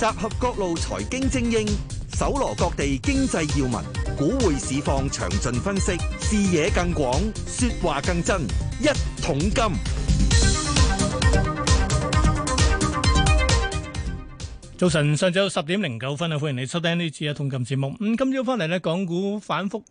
集合各路財經精英，搜羅各地經濟要聞，股匯市況詳盡分析，視野更廣，說話更真。一桶金，早晨，上晝十點零九分啊！歡迎你收聽呢次一桶金節目。咁今朝翻嚟呢，港股反復。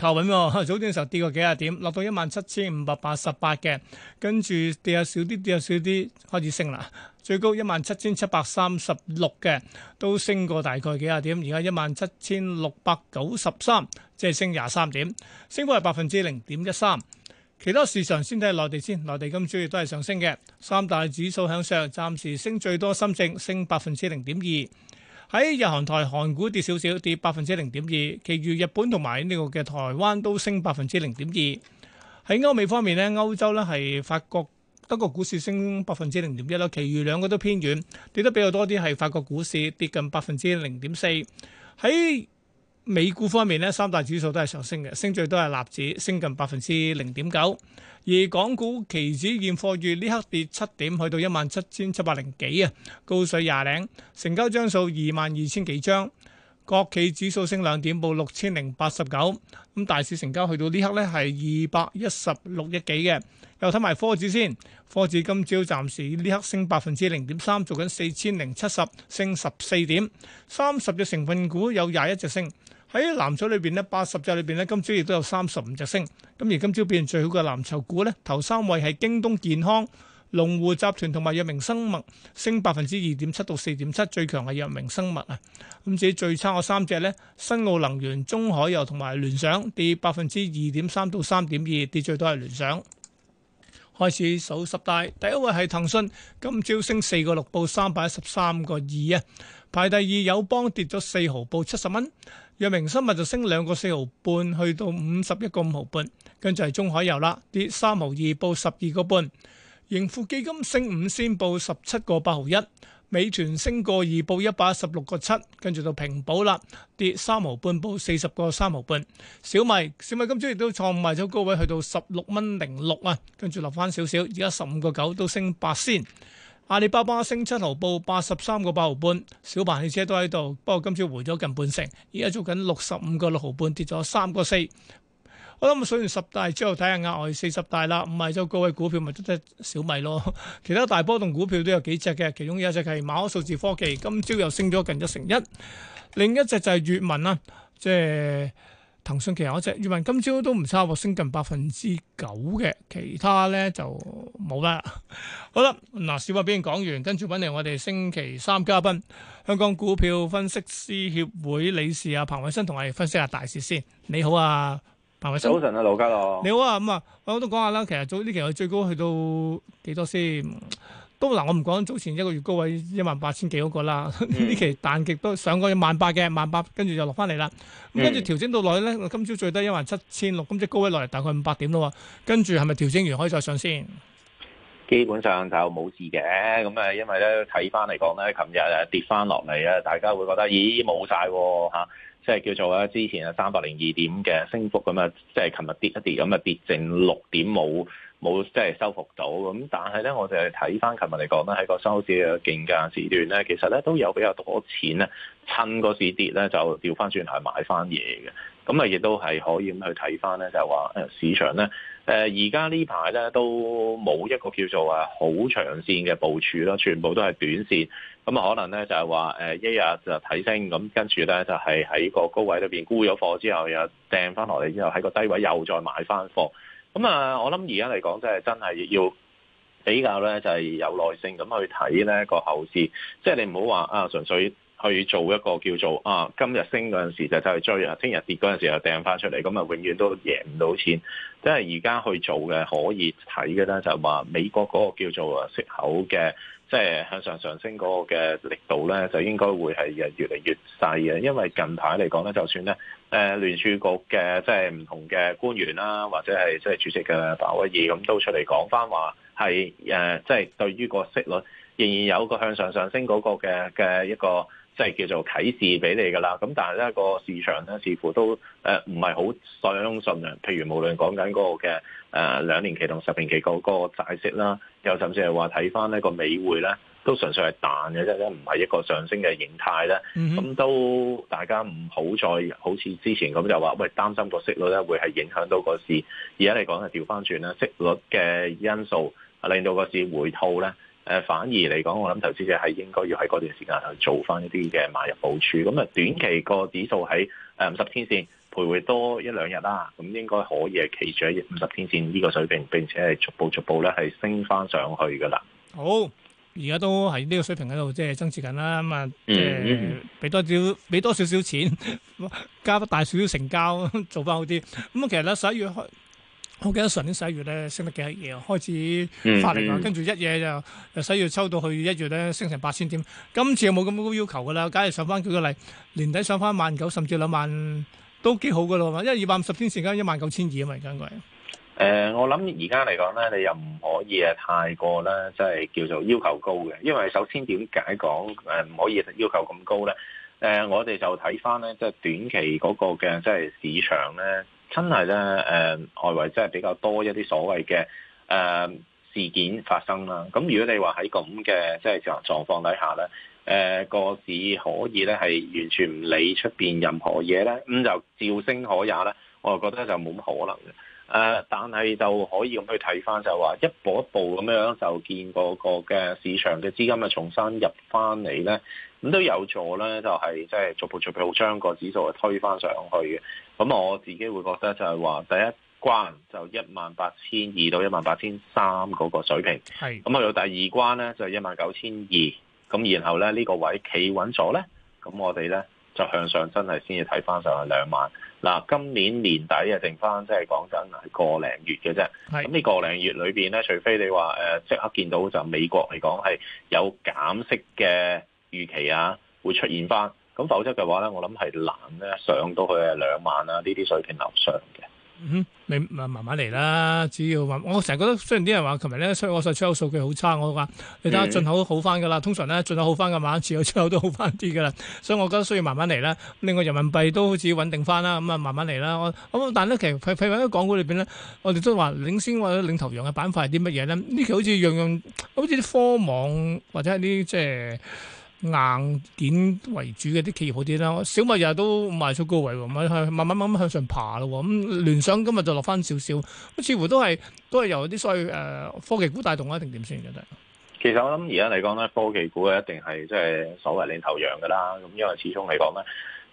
靠運喎、哦，早段時候跌過幾廿點，落到一萬七千五百八十八嘅，跟住跌下少啲，跌下少啲，開始升啦，最高一萬七千七百三十六嘅，都升過大概幾廿點，而家一萬七千六百九十三，即係升廿三點，升幅係百分之零點一三。其他市場先睇內地先，內地今朝亦都係上升嘅，三大指數向上，暫時升最多深證升百分之零點二。喺日韓台，韓股跌少少，跌百分之零點二。其餘日本同埋呢個嘅台灣都升百分之零點二。喺歐美方面咧，歐洲咧係法國、德國股市升百分之零點一啦。其餘兩個都偏軟，跌得比較多啲係法國股市跌近百分之零點四。喺美股方面咧，三大指數都係上升嘅，升最多係納指，升近百分之零點九。而港股期指現貨月呢刻跌七點，去到一萬七千七百零幾啊，高水廿零，成交張數二萬二千幾張。國企指數升兩點，報六千零八十九。咁大市成交去到呢刻呢係二百一十六億幾嘅。又睇埋科指先，科指今朝暫時呢刻升百分之零點三，做緊四千零七十，升十四點，三十隻成分股有廿一隻升。喺藍籌裏邊呢，八十隻裏邊呢，今朝亦都有三十五隻升。咁而今朝表現最好嘅藍籌股呢，頭三位係京東健康、龍湖集團同埋藥明生物，升百分之二點七到四點七，最強係藥明生物啊。咁至於最差嘅三隻呢，新奧能源、中海油同埋聯想，跌百分之二點三到三點二，跌最多係聯想。開始數十大，第一位係騰訊，今朝升四個六，報三百一十三個二啊。排第二友邦，跌咗四毫，報七十蚊。藥明生物就升兩個四毫半，去到五十一個五毫半，跟住係中海油啦，跌三毫二，報十二個半。盈富基金升五仙，報十七個八毫一。美團升個二，報一百一十六個七，跟住到平保啦，跌三毫半，報四十個三毫半。小米，小米今朝亦都創賣咗高位，去到十六蚊零六啊，跟住落翻少少，而家十五個九都升八仙。阿里巴巴升七毫，報八十三個八毫半。小鵬汽車都喺度，不過今朝回咗近半成。而家做緊六十五個六毫半，跌咗三個四。我諗數完十大之後看看，睇下額外四十大啦。唔係就高位股票，咪都得小米咯。其他大波動股票都有幾隻嘅，其中有一隻係馬可數字科技，今朝又升咗近一成一。另一隻就係粵文啦，即、就、係、是。騰訊旗下嗰隻，閱文今朝都唔差喎，升近百分之九嘅，其他咧就冇啦。 好啦，嗱，小品講完，跟住揾嚟我哋星期三嘉賓，香港股票分析師協會理事阿彭偉新，同我哋分析下大事先。你好啊，彭偉新。早晨啊，盧家樂。你好啊，咁、嗯、啊，我都講下啦。其實早啲期佢最高去到幾多先？都嗱，我唔講早前一個月高位 18, 一萬八千幾嗰個啦，呢、嗯、 期彈極都上過萬八嘅，萬八跟住就落翻嚟啦。咁、嗯、跟住調整到落去咧，今朝最低一萬七千六，咁即係高位落嚟大概五百點咯。跟住係咪調整完可以再上先？基本上就冇事嘅，咁誒，因為咧睇翻嚟講咧，琴日跌翻落嚟啊，大家會覺得咦，冇晒喎即係叫做咧，之前啊三百零二點嘅升幅咁啊，即係琴日跌一跌咁啊，跌剩六點冇，冇即係收復到咁。但係咧，我哋係睇翻琴日嚟講咧，喺個收市嘅競價時段咧，其實咧都有比較多錢咧，趁個市跌咧就調翻轉頭買翻嘢嘅。咁啊，亦都係可以咁去睇翻咧，就係話誒市場咧。誒而家呢排咧都冇一個叫做係好長線嘅部署啦，全部都係短線。咁、嗯、啊，可能咧就係話誒一日就睇升，咁、嗯、跟住咧就係、是、喺個高位裏邊沽咗貨之後，又掟翻落嚟之後，喺個低位又再買翻貨。咁、嗯、啊、呃，我諗而家嚟講，真係真係要比較咧，就係、是、有耐性咁去睇咧個後市。即係你唔好話啊，純粹。去做一個叫做啊，今日升嗰陣時就走去追啊，聽日跌嗰陣時又掟翻出嚟，咁啊永遠都贏唔到錢。即係而家去做嘅可以睇嘅咧，就係話美國嗰個叫做息口嘅，即係向上上升嗰個嘅力度咧，就應該會係日越嚟越細嘅。因為近排嚟講咧，就算咧誒聯儲局嘅即係唔同嘅官員啦，或者係即係主席嘅鮑威爾咁都出嚟講翻話，係誒即係對於個息率仍然有個向上上升嗰個嘅嘅一個。即係叫做啟示俾你噶啦，咁但係咧、個市場咧似乎都誒唔係好相信啦。譬如無論講緊嗰個嘅誒、呃、兩年期同十年期個個債息啦，又甚至係話睇翻呢個美匯咧，都純粹係彈嘅啫，咧唔係一個上升嘅形態咧。咁、mm hmm. 都大家唔好再好似之前咁就話，喂，擔心個息率咧會係影響到個市。而家你講係調翻轉啦，息率嘅因素令到個市回吐咧。誒反而嚟講，我諗投資者係應該要喺嗰段時間去做翻一啲嘅買入部署。咁啊，短期個指數喺誒五十天線徘徊多一兩日啦。咁應該可以係企住喺五十天線呢個水平，並且係逐步逐步咧係升翻上去噶啦。好，而家都係呢個水平喺度，即係爭持緊啦。咁啊，即係俾多少俾多少少錢，加大少少成交，做翻好啲。咁其實咧十一月開。好記得上年十一月咧升得幾閪嘢，開始發力啊！跟住一嘢就十一月抽到去一月咧升成八千點。今次又冇咁高要求噶啦，假如上翻舉個例，年底上翻萬九，甚至兩萬都幾好噶啦，因為二百五十天時間一萬九千二啊嘛，而家個位。誒，我諗而家嚟講咧，你又唔可以啊太過啦，即係叫做要求高嘅。因為首先點解講誒唔可以要求咁高咧？誒，我哋就睇翻咧，即係短期嗰個嘅即係市場咧。真係咧，誒、呃、外圍真係比較多一啲所謂嘅誒、呃、事件發生啦。咁如果你話喺咁嘅即係情狀況底下咧，誒、呃、個市可以咧係完全唔理出面任何嘢咧，咁、嗯、就照升可也嚇咧，我就覺得就冇乜可能嘅。誒、呃，但係就可以咁去睇翻，就話一步一步咁樣就見嗰個嘅市場嘅資金啊重新入翻嚟咧。咁都有助咧，就係即係逐步逐步將個指數推翻上去嘅。咁我自己會覺得就係話第一關就一萬八千二到一萬八千三嗰個水平係咁啊。是去到第二關咧就一萬九千二咁，然後咧呢、這個位企穩咗咧，咁我哋咧就向上真係先要睇翻上去兩萬嗱。今年年底啊，剩翻即係講緊係個零月嘅啫。咁是呢個零月裏邊咧，除非你話誒即刻見到就美國嚟講係有減息嘅。預期啊，會出現翻，咁否則嘅話咧，我諗係難咧上到去兩萬啦呢啲水平樓上嘅。嗯，你慢慢嚟啦，只要慢慢我成日覺得雖然啲人話琴日咧，我實出口數據好差，我話你睇下進、嗯、進口好翻㗎啦，通常咧進口好翻㗎嘛，自由出口出口都好翻啲㗎啦，所以我覺得需要慢慢嚟啦。另外人民幣都好似穩定翻、嗯、啦，咁啊慢慢嚟啦。咁、嗯、但係咧，其實譬、譬如喺港股裏邊咧，我哋都話領先或者領頭羊嘅板塊係啲乜嘢咧？呢期好似樣樣，好似啲科網或者係啲即係。硬件為主嘅啲企業好啲啦，小米日日都賣出高位喎，慢慢慢慢向上爬咯喎，咁聯想今日就落翻少少，咁似乎都係都係由啲所謂誒、呃、科技股帶動啊，定點先嘅都？其實我諗而家嚟講咧，科技股嘅一定係即係所謂領頭羊噶啦，咁因為始終嚟講咧，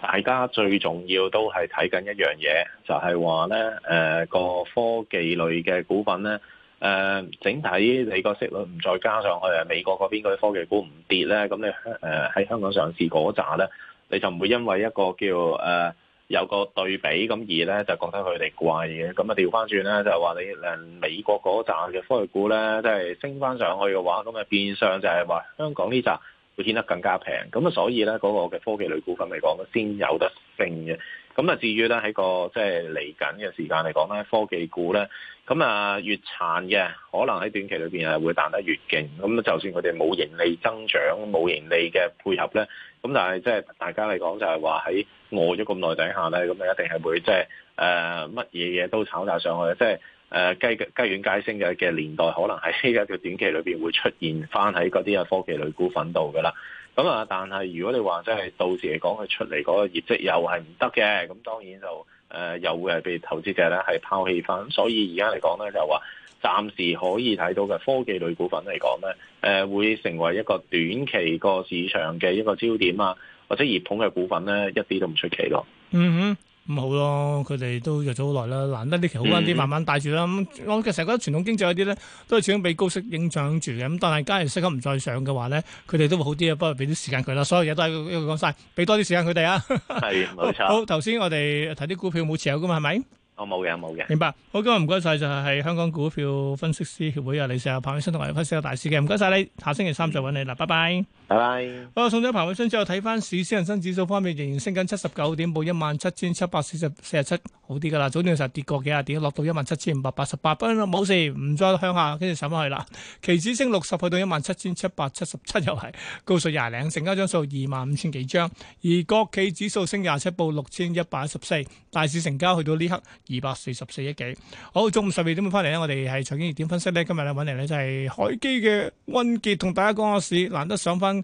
大家最重要都係睇緊一樣嘢，就係話咧誒個科技類嘅股份咧。誒整體你個息率唔再加上去啊，美國嗰邊嗰啲科技股唔跌咧，咁你誒喺香港上市嗰扎咧，你就唔會因為一個叫誒、呃、有個對比咁而咧就覺得佢哋貴嘅，咁啊調翻轉咧就話、就是、你誒美國嗰扎嘅科技股咧，即、就、係、是、升翻上去嘅話，咁啊變相就係話香港呢扎。會顯得更加平，咁啊，所以咧嗰個嘅科技類股份嚟講咧，先有得升嘅。咁啊，至於咧喺個即係嚟緊嘅時間嚟講咧，科技股咧，咁、嗯、啊越殘嘅，可能喺短期裏邊係會彈得越勁。咁就算佢哋冇盈利增長、冇盈利嘅配合咧，咁但係即係大家嚟講就係話喺餓咗咁耐底下咧，咁啊一定係會即係誒乜嘢嘢都炒晒上去，即係。誒雞雞軟雞升嘅嘅年代，可能係呢個短期裏邊會出現翻喺嗰啲啊科技類股份度㗎啦。咁啊，但係如果你話真係到時嚟講佢出嚟嗰個業績又係唔得嘅，咁當然就誒又會係被投資者咧係拋棄翻。所以而家嚟講咧，就話暫時可以睇到嘅科技類股份嚟講咧，誒會成為一個短期個市場嘅一個焦點啊，或者熱捧嘅股份咧，一啲都唔出奇咯。嗯哼。咁、嗯、好咯，佢哋都弱咗好耐啦，難得呢期好返啲，慢慢帶住啦。咁、嗯嗯、我其實成日覺得傳統經濟嗰啲咧，都係始終被高息影響住嘅。咁但係加完息金唔再上嘅話咧，佢哋都會好啲啊。不過俾啲時間佢啦。所有嘢都係，一路講晒，俾多啲時間佢哋啊。係，冇錯。好，頭先我哋提啲股票冇持有噶嘛，係咪？我冇嘅，冇嘅。明白。好，今日唔該晒，就係、是、香港股票分析師協會啊，理事啊，彭偉新同埋分析師大師嘅，唔該晒你。下星期三再揾你，嗱、嗯，拜拜。拜係，啊 Bye，送咗彭偉新之後，睇翻市,市，先恒生指數方面仍然升緊七十九點，報 17, 47, 47, 一萬七千七百四十四十七，好啲噶啦。早段時候跌過幾啊點，落到一萬七千五百八十八，不過冇事，唔再向下，跟住上翻去啦。期指升六十去到一萬七千七百七十七，又係高水廿零，成交張數二萬五千幾張。而國企指數升廿七，報六千一百一十四。大市成交去到呢刻二百四十四億幾。好，中午十二點翻嚟咧，我哋係財經熱點分析咧，今日咧揾嚟呢，就係、是、凱基嘅温傑同大家講下市，難得上翻。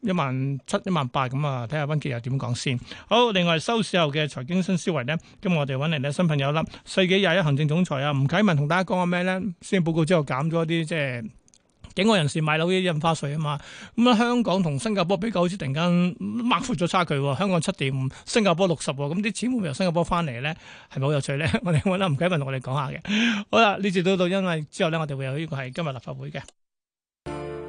一萬七、一萬八咁啊，睇下溫傑又點講先。好，另外收市後嘅財經新思維咧，今日我哋揾嚟咧新朋友啦。世紀廿一行政總裁啊，吳啟文同大家講下咩咧？先報告之後減咗一啲即係境外人士買樓啲印花稅啊嘛。咁咧，香港同新加坡比較，好似突然間抹闊咗差距。香港七點五，新加坡六十，咁啲錢會唔會由新加坡翻嚟咧？係咪好有趣咧？ 我哋揾阿吳啟文同我哋講下嘅。好啦，呢節都到，因為之後咧，我哋會有呢個係今日立法會嘅。